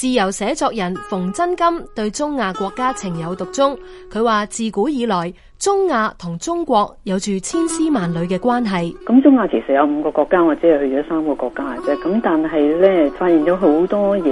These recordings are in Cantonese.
自由寫作人馮真金對中亞國家情有獨鍾，佢話自古以來，中亞同中國有住千絲萬縷嘅關係。咁中亞其實有五個國家，或者係去咗三個國家嘅。咁但係咧，發現咗好多嘢，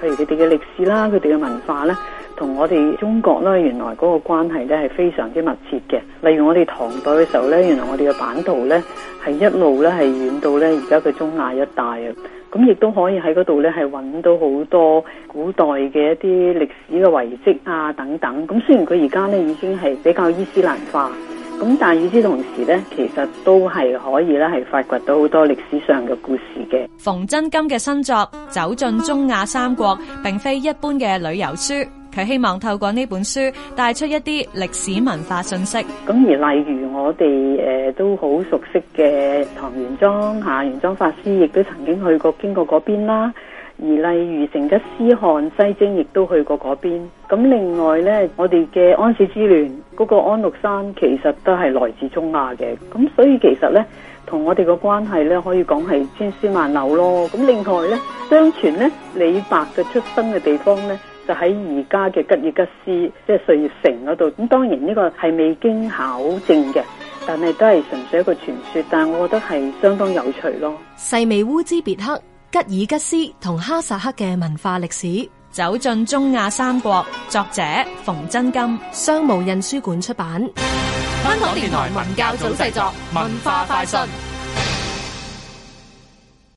譬如佢哋嘅歷史啦，佢哋嘅文化咧，同我哋中國咧，原來嗰個關係咧係非常之密切嘅。例如我哋唐代嘅時候咧，原來我哋嘅版圖咧係一路咧係遠到咧而家嘅中亞一帶啊。咁亦都可以喺嗰度咧，係揾到好多古代嘅一啲歷史嘅遺迹啊等等。咁雖然佢而家咧已經係比較伊斯蘭化，咁但係與此同時咧，其實都係可以咧，係發掘到好多歷史上嘅故事嘅。馮真金嘅新作《走進中亞三國》並非一般嘅旅遊書。佢希望透過呢本書帶出一啲歷史文化信息。咁而例如我哋誒、呃、都好熟悉嘅唐玄奘吓，玄、啊、奘法師亦都曾經去過經過嗰邊啦。而例如成吉思汗西征亦都去過嗰邊。咁另外呢，我哋嘅安史之亂嗰個安禄山其實都係來自中亞嘅。咁所以其實呢，同我哋嘅關係呢，可以講係千絲萬縷咯。咁另外呢，相傳呢，李白嘅出生嘅地方呢。就喺而家嘅吉爾吉斯，即係碎葉城嗰度。咁當然呢個係未經考證嘅，但係都係純粹一個傳說。但係我覺得係相當有趣咯。細味烏茲別克、吉爾吉斯同哈薩克嘅文化歷史，走進中亞三國。作者馮真金，商務印書館出版。香港電台文教組製作，文化快訊。